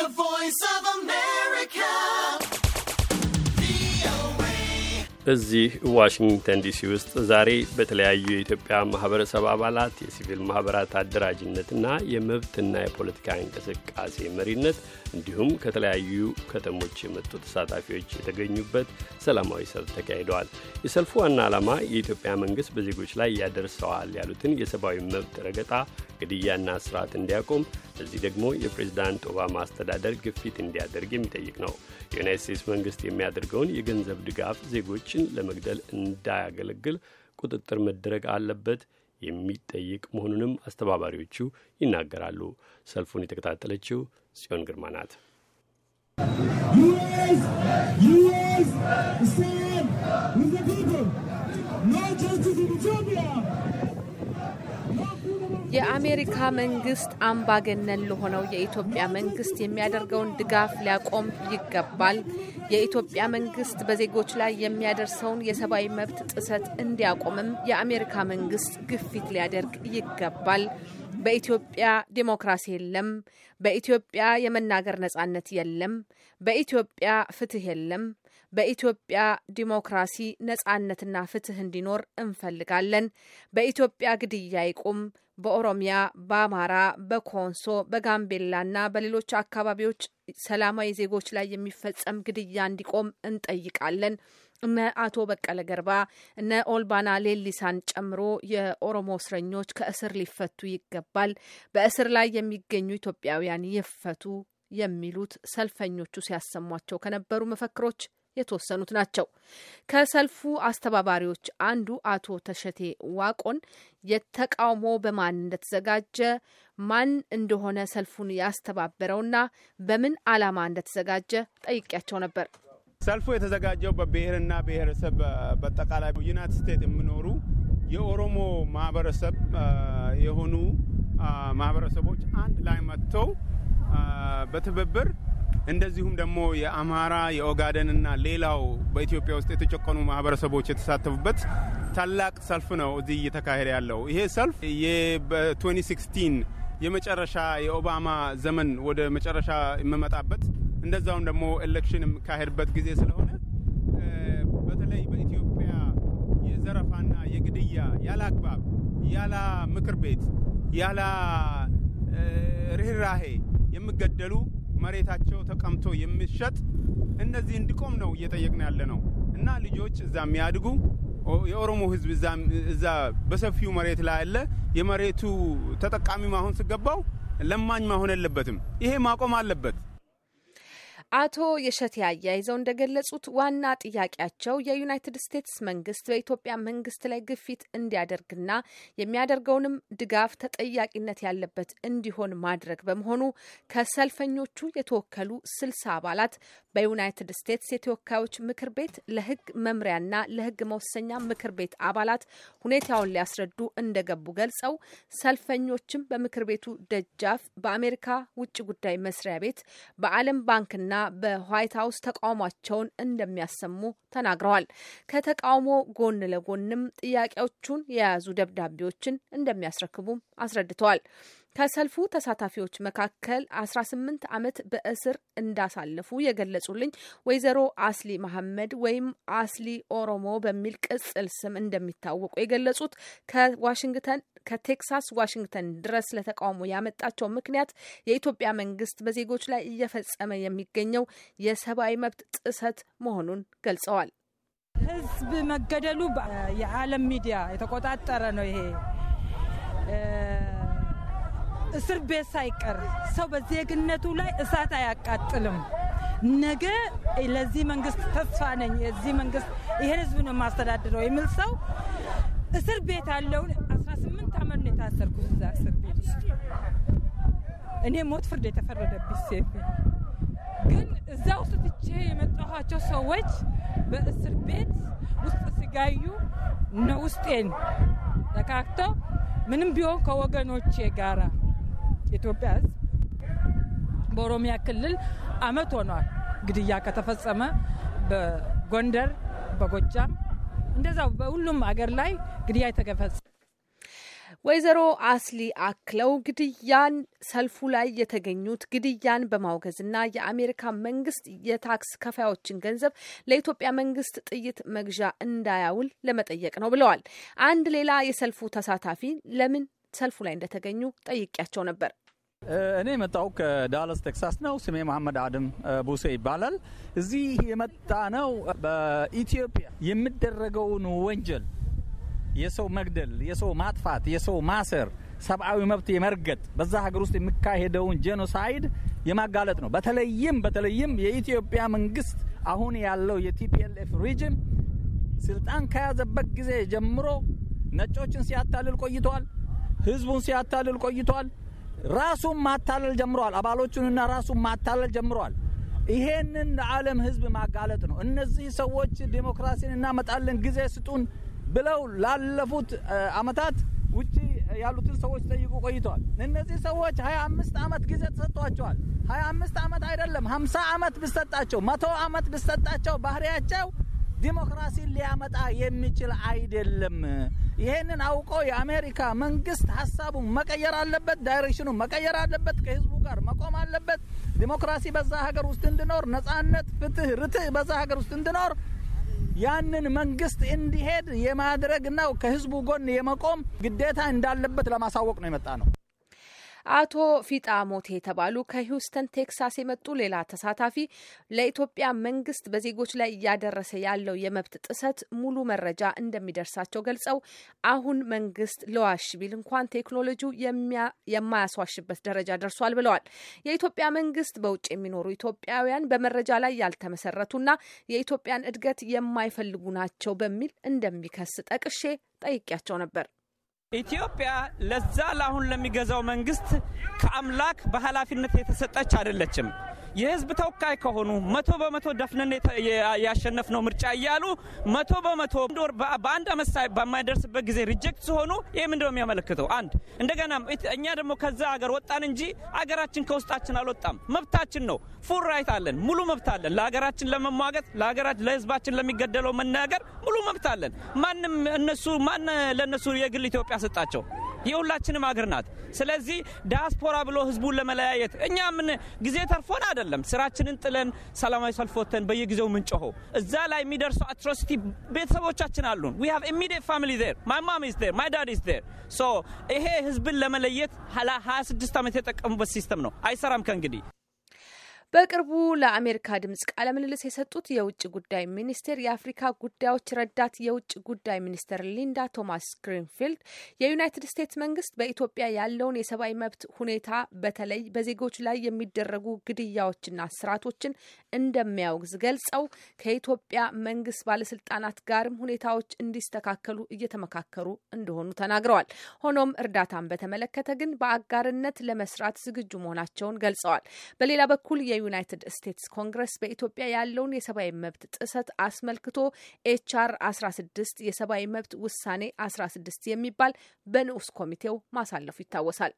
The Voice of America. እዚህ ዋሽንግተን ዲሲ ውስጥ ዛሬ በተለያዩ የኢትዮጵያ ማህበረሰብ አባላት የሲቪል ማህበራት አደራጅነትና የመብትና የፖለቲካ እንቅስቃሴ መሪነት እንዲሁም ከተለያዩ ከተሞች የመጡ ተሳታፊዎች የተገኙበት ሰላማዊ ሰልፍ ተካሂደዋል። የሰልፉ ዋና ዓላማ የኢትዮጵያ መንግስት በዜጎች ላይ ያደርሰዋል ያሉትን የሰብአዊ መብት ረገጣ፣ ግድያና ስርዓት እንዲያቆም ለዚህ ደግሞ የፕሬዚዳንት ኦባማ አስተዳደር ግፊት እንዲያደርግ የሚጠይቅ ነው። የዩናይት ስቴትስ መንግስት የሚያደርገውን የገንዘብ ድጋፍ ዜጎችን ለመግደል እንዳያገለግል ቁጥጥር መደረግ አለበት የሚጠይቅ መሆኑንም አስተባባሪዎቹ ይናገራሉ። ሰልፉን የተከታተለችው ጽዮን ግርማ ናት። ዩኤስ የአሜሪካ መንግስት አምባገነን ለሆነው የኢትዮጵያ መንግስት የሚያደርገውን ድጋፍ ሊያቆም ይገባል። የኢትዮጵያ መንግስት በዜጎች ላይ የሚያደርሰውን የሰብአዊ መብት ጥሰት እንዲያቆምም የአሜሪካ መንግስት ግፊት ሊያደርግ ይገባል። በኢትዮጵያ ዴሞክራሲ የለም። በኢትዮጵያ የመናገር ነጻነት የለም። በኢትዮጵያ ፍትህ የለም። በኢትዮጵያ ዲሞክራሲ ነጻነትና ፍትህ እንዲኖር እንፈልጋለን። በኢትዮጵያ ግድያ ይቁም። በኦሮሚያ፣ በአማራ፣ በኮንሶ፣ በጋምቤላና በሌሎች አካባቢዎች ሰላማዊ ዜጎች ላይ የሚፈጸም ግድያ እንዲቆም እንጠይቃለን። እነ አቶ በቀለ ገርባ እነ ኦልባና ሌሊሳን ጨምሮ የኦሮሞ እስረኞች ከእስር ሊፈቱ ይገባል። በእስር ላይ የሚገኙ ኢትዮጵያውያን ይፈቱ የሚሉት ሰልፈኞቹ ሲያሰሟቸው ከነበሩ መፈክሮች የተወሰኑት ናቸው። ከሰልፉ አስተባባሪዎች አንዱ አቶ ተሸቴ ዋቆን የተቃውሞ በማን እንደተዘጋጀ ማን እንደሆነ ሰልፉን ያስተባበረውና በምን ዓላማ እንደተዘጋጀ ጠይቄያቸው ነበር። ሰልፉ የተዘጋጀው በብሔርና ብሔረሰብ በጠቃላይ ዩናይትድ ስቴትስ የሚኖሩ የኦሮሞ ማህበረሰብ የሆኑ ማህበረሰቦች አንድ ላይ መጥተው በትብብር እንደዚሁም ደግሞ የአማራ የኦጋደንና ሌላው በኢትዮጵያ ውስጥ የተጨቆኑ ማህበረሰቦች የተሳተፉበት ታላቅ ሰልፍ ነው እዚህ እየተካሄደ ያለው። ይሄ ሰልፍ በ2016 የመጨረሻ የኦባማ ዘመን ወደ መጨረሻ የምመጣበት እንደዛውም ደግሞ ኤሌክሽን የሚካሄድበት ጊዜ ስለሆነ በተለይ በኢትዮጵያ የዘረፋና የግድያ ያለ አግባብ ያለ ምክር ቤት ያለ ርኅራሄ የሚገደሉ መሬታቸው ተቀምቶ የሚሸጥ እነዚህ እንዲቆም ነው እየጠየቅን ያለ ነው እና ልጆች እዛ የሚያድጉ የኦሮሞ ህዝብ እዛ በሰፊው መሬት ላይ ያለ የመሬቱ ተጠቃሚ ማሆን ስገባው ለማኝ ማሆን የለበትም። ይሄ ማቆም አለበት። አቶ የሸቴ አያይዘው እንደገለጹት ዋና ጥያቄያቸው የዩናይትድ ስቴትስ መንግስት በኢትዮጵያ መንግስት ላይ ግፊት እንዲያደርግና የሚያደርገውንም ድጋፍ ተጠያቂነት ያለበት እንዲሆን ማድረግ በመሆኑ ከሰልፈኞቹ የተወከሉ ስልሳ አባላት በዩናይትድ ስቴትስ የተወካዮች ምክር ቤት ለህግ መምሪያና ለህግ መወሰኛ ምክር ቤት አባላት ሁኔታውን ሊያስረዱ እንደገቡ ገልጸው ሰልፈኞችም በምክር ቤቱ ደጃፍ በአሜሪካ ውጭ ጉዳይ መስሪያ ቤት በዓለም ባንክና በዋይት ሀውስ ተቃውሟቸውን እንደሚያሰሙ ተናግረዋል። ከተቃውሞ ጎን ለጎንም ጥያቄዎቹን የያዙ ደብዳቤዎችን እንደሚያስረክቡም አስረድተዋል። ከሰልፉ ተሳታፊዎች መካከል 18 ዓመት በእስር እንዳሳለፉ የገለጹልኝ ወይዘሮ አስሊ መሐመድ ወይም አስሊ ኦሮሞ በሚል ቅጽል ስም እንደሚታወቁ የገለጹት ከዋሽንግተን ከቴክሳስ ዋሽንግተን ድረስ ለተቃውሞ ያመጣቸው ምክንያት የኢትዮጵያ መንግስት በዜጎች ላይ እየፈጸመ የሚገኘው የሰብአዊ መብት ጥሰት መሆኑን ገልጸዋል። ህዝብ መገደሉ የዓለም ሚዲያ የተቆጣጠረ ነው። ይሄ እስር ቤት ሳይቀር ሰው በዜግነቱ ላይ እሳት አያቃጥልም። ነገ ለዚህ መንግስት ተስፋ ነኝ፣ የዚህ መንግስት ይህን ህዝብ ነው የማስተዳድረው የሚል ሰው እስር ቤት ያለውን 18 ዓመት ነው የታሰርኩት እዛ እስር ቤት ውስጥ እኔ ሞት ፍርድ የተፈረደብኝ ሴት ግን እዛ ውስጥ ትቼ የመጣኋቸው ሰዎች በእስር ቤት ውስጥ ሲጋዩ ነው ውስጤን ተካክተው ምንም ቢሆን ከወገኖቼ ጋራ የኢትዮጵያ ህዝብ በኦሮሚያ ክልል አመት ሆኗል ግድያ ከተፈጸመ በጎንደር በጎጃም እንደዛው በሁሉም አገር ላይ ግድያ የተገፈጸ ወይዘሮ አስሊ አክለው ግድያን ሰልፉ ላይ የተገኙት ግድያን በማውገዝና የአሜሪካ መንግስት የታክስ ከፋዮችን ገንዘብ ለኢትዮጵያ መንግስት ጥይት መግዣ እንዳያውል ለመጠየቅ ነው ብለዋል። አንድ ሌላ የሰልፉ ተሳታፊ ለምን ሰልፉ ላይ እንደተገኙ ጠይቄያቸው ነበር። እኔ የመጣው ከዳለስ ቴክሳስ ነው። ስሜ መሐመድ አድም ቡሴ ይባላል። እዚህ የመጣ ነው በኢትዮጵያ የሚደረገውን ወንጀል የሰው መግደል፣ የሰው ማጥፋት፣ የሰው ማሰር፣ ሰብአዊ መብት የመርገጥ በዛ ሀገር ውስጥ የሚካሄደውን ጄኖሳይድ የማጋለጥ ነው። በተለይም በተለይም የኢትዮጵያ መንግስት አሁን ያለው የቲፒኤልኤፍ ሪጅም ስልጣን ከያዘበት ጊዜ ጀምሮ ነጮችን ሲያታልል ቆይተዋል። ህዝቡን ሲያታልል ቆይቷል። ራሱን ማታለል ጀምረዋል። አባሎቹንና ራሱን ማታለል ጀምረዋል። ይሄንን ለዓለም ህዝብ ማጋለጥ ነው። እነዚህ ሰዎች ዴሞክራሲን እናመጣለን ጊዜ ስጡን ብለው ላለፉት አመታት ውጭ ያሉትን ሰዎች ጠይቁ ቆይተዋል። እነዚህ ሰዎች 25 ዓመት ጊዜ ተሰጥቷቸዋል። 25 ዓመት አይደለም 50 ዓመት ብሰጣቸው፣ መቶ ዓመት ብሰጣቸው ባህሪያቸው ዲሞክራሲን ሊያመጣ የሚችል አይደለም። ይሄንን አውቆ የአሜሪካ መንግስት ሀሳቡን መቀየር አለበት፣ ዳይሬክሽኑ መቀየር አለበት፣ ከህዝቡ ጋር መቆም አለበት። ዲሞክራሲ በዛ ሀገር ውስጥ እንዲኖር፣ ነጻነት፣ ፍትህ፣ ርትህ በዛ ሀገር ውስጥ እንዲኖር ያንን መንግስት እንዲሄድ የማድረግና ከህዝቡ ጎን የመቆም ግዴታ እንዳለበት ለማሳወቅ ነው የመጣ ነው። አቶ ፊጣ ሞቴ የተባሉ ከሂውስተን ቴክሳስ የመጡ ሌላ ተሳታፊ ለኢትዮጵያ መንግስት በዜጎች ላይ እያደረሰ ያለው የመብት ጥሰት ሙሉ መረጃ እንደሚደርሳቸው ገልጸው አሁን መንግስት ለዋሽ ቢል እንኳን ቴክኖሎጂው የማያስዋሽበት ደረጃ ደርሷል ብለዋል። የኢትዮጵያ መንግስት በውጭ የሚኖሩ ኢትዮጵያውያን በመረጃ ላይ ያልተመሰረቱና የኢትዮጵያን እድገት የማይፈልጉ ናቸው በሚል እንደሚከስ ጠቅሼ ጠይቄያቸው ነበር። ኢትዮጵያ ለዛ ለአሁን ለሚገዛው መንግስት ከአምላክ በኃላፊነት የተሰጠች አይደለችም። የህዝብ ተወካይ ከሆኑ መቶ በመቶ ደፍነን ያሸነፍነው ምርጫ እያሉ መቶ በመቶ በአንድ አመት በማይደርስበት ጊዜ ሪጀክት ሲሆኑ ይህ ምንድነው የሚያመለክተው? አንድ እንደገና እኛ ደግሞ ከዛ ሀገር ወጣን እንጂ አገራችን ከውስጣችን አልወጣም። መብታችን ነው። ፉል ራይት አለን፣ ሙሉ መብት አለን። ለሀገራችን ለመሟገት ለሀገራችን ለህዝባችን ለሚገደለው መናገር ሙሉ መብት አለን። ማንም እነሱ ማን ለእነሱ የግል ኢትዮጵያ ሰጣቸው። የሁላችንም አገር ናት። ስለዚህ ዲያስፖራ ብሎ ህዝቡን ለመለያየት እኛ ምን ጊዜ ተርፎን አይደለም። ስራችንን ጥለን ሰላማዊ ሰልፍ በየጊዜው ምንጮሆ እዛ ላይ የሚደርሱ አትሮሲቲ ቤተሰቦቻችን አሉን። ዊ ሃቭ ኢሚዲየት ፋሚሊ ዜር ማይ ማም ኢዝ ዜር ማይ ዳድ ኢዝ ዜር። ሶ ይሄ ህዝብን ለመለየት 26 ዓመት የጠቀሙበት ሲስተም ነው። አይሰራም ከእንግዲህ በቅርቡ ለአሜሪካ ድምጽ ቃለ ምልልስ የሰጡት የውጭ ጉዳይ ሚኒስቴር የአፍሪካ ጉዳዮች ረዳት የውጭ ጉዳይ ሚኒስትር ሊንዳ ቶማስ ግሪንፊልድ የዩናይትድ ስቴትስ መንግስት በኢትዮጵያ ያለውን የሰብአዊ መብት ሁኔታ በተለይ በዜጎች ላይ የሚደረጉ ግድያዎችና ስርዓቶችን እንደሚያወግዝ ገልጸው ከኢትዮጵያ መንግስት ባለስልጣናት ጋርም ሁኔታዎች እንዲስተካከሉ እየተመካከሩ እንደሆኑ ተናግረዋል። ሆኖም እርዳታን በተመለከተ ግን በአጋርነት ለመስራት ዝግጁ መሆናቸውን ገልጸዋል። በሌላ በኩል የዩናይትድ ስቴትስ ኮንግረስ በኢትዮጵያ ያለውን የሰብአዊ መብት ጥሰት አስመልክቶ ኤችአር 16 የሰብአዊ መብት ውሳኔ 16 የሚባል በንዑስ ኮሚቴው ማሳለፉ ይታወሳል።